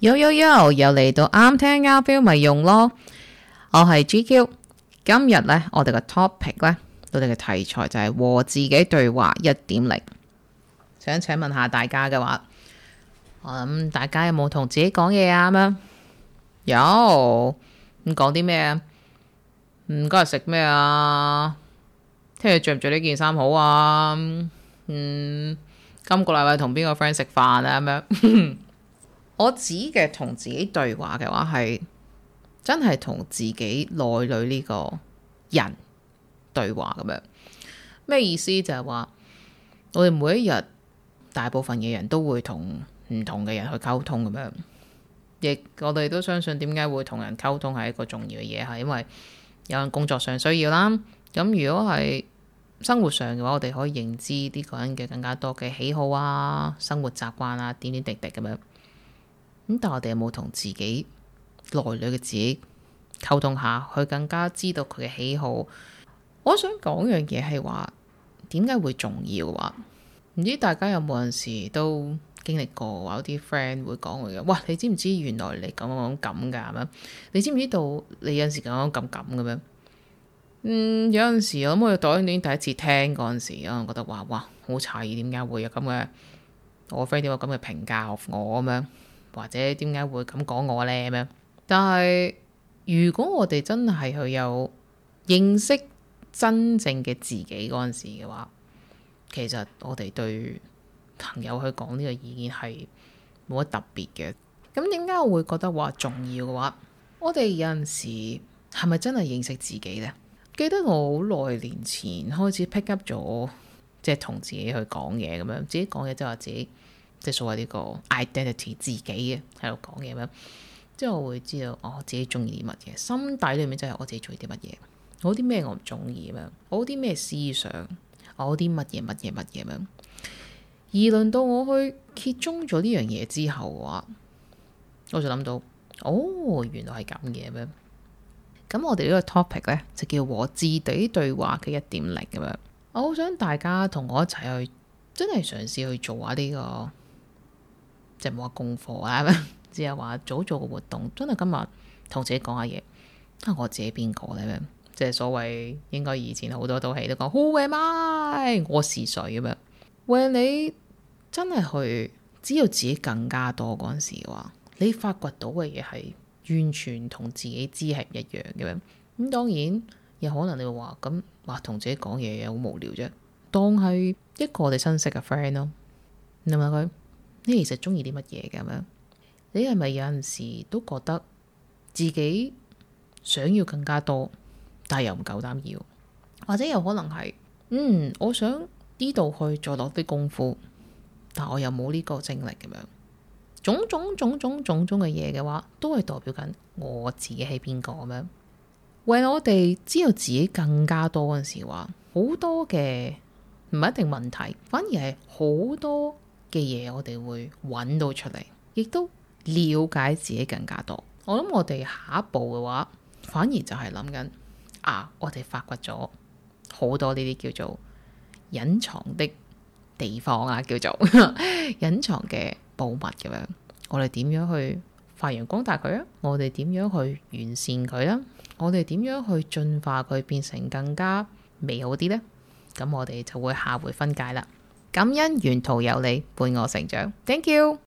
Yo yo yo，又嚟到啱聽啱 feel 咪用咯，我係 GQ。今日咧，我哋個 topic 咧，我哋嘅題材就係和自己對話一點零。想請問下大家嘅話，我諗大家有冇同自己講嘢啊？咁樣有，咁講啲咩啊？唔該食咩啊？聽日着唔着呢件衫好啊？嗯，今個禮拜同邊個 friend 食飯啊？咁樣。我指嘅同自己對話嘅話，係真係同自己內裏呢個人對話咁樣。咩意思？就係話我哋每一日大部分嘅人都會同唔同嘅人去溝通咁樣。亦我哋都相信，點解會同人溝通係一個重要嘅嘢？係因為有人工作上需要啦。咁如果係生活上嘅話，我哋可以認知呢個人嘅更加多嘅喜好啊、生活習慣啊、點點滴滴咁樣。咁，但係我哋有冇同自己內裏嘅自己溝通下，去更加知道佢嘅喜好。我想講樣嘢係話，點解會重要啊？唔知大家有冇陣時都經歷過嘅話，有啲 friend 會講佢嘅哇，你知唔知原來你咁咁咁噶？咁樣你知唔知道你有陣時咁咁咁嘅咩？嗯，有陣時我諗我哋當年第一次聽嗰陣時，我覺得話哇，好詫異，點解會有咁嘅我 friend 點解咁嘅評價我咁樣。或者點解會咁講我呢？咁樣？但係如果我哋真係去有認識真正嘅自己嗰陣時嘅話，其實我哋對朋友去講呢個意見係冇乜特別嘅。咁點解我會覺得話重要嘅話？我哋有陣時係咪真係認識自己呢？記得我好耐年前開始 pick up 咗，即係同自己去講嘢咁樣，自己講嘢即係話自己。即係所謂呢個 identity 自己嘅喺度講嘢咁，即係我會知道我自己中意啲乜嘢，心底裏面真係我自己中意啲乜嘢。我啲咩我唔中意咁樣，我啲咩思想，我啲乜嘢乜嘢乜嘢咁樣。而輪到我去揭中咗呢樣嘢之後嘅話，我就諗到哦，原來係咁嘅咩？咁我哋呢個 topic 咧就叫我自己對話嘅一點零咁樣。我好想大家同我一齊去真係嘗試去做下、這、呢個。即係冇乜功課啊，只係話早做個活動。真係今日同自己講下嘢，睇我自己邊個咧。即係所謂應該以前好多套戲都講 Who am I？我是誰，咁樣 When 你真係去，知道自己更加多嗰陣時嘅話，你發掘到嘅嘢係完全同自己知係唔一樣嘅。咁當然有可能你會話咁話同自己講嘢好無聊啫，當係一個我哋親戚嘅 friend 咯。你問佢？你其實中意啲乜嘢嘅咁樣？你係咪有陣時都覺得自己想要更加多，但係又唔夠膽要，或者有可能係嗯，我想呢度去再落啲功夫，但我又冇呢個精力咁樣。種種種種種種嘅嘢嘅話，都係代表緊我自己係邊個咁樣。為我哋知道自己更加多嗰陣時，話好多嘅唔一定問題，反而係好多，嘅嘢，我哋會揾到出嚟，亦都了解自己更加多。我諗我哋下一步嘅話，反而就係諗緊啊！我哋發掘咗好多呢啲叫做隱藏的地方啊，叫做隱 藏嘅寶物咁樣。我哋點樣去發揚光大佢啊？我哋點樣去完善佢啊？我哋點樣去進化佢，變成更加美好啲呢？咁我哋就會下回分解啦。感恩沿途有你伴我成長，thank you。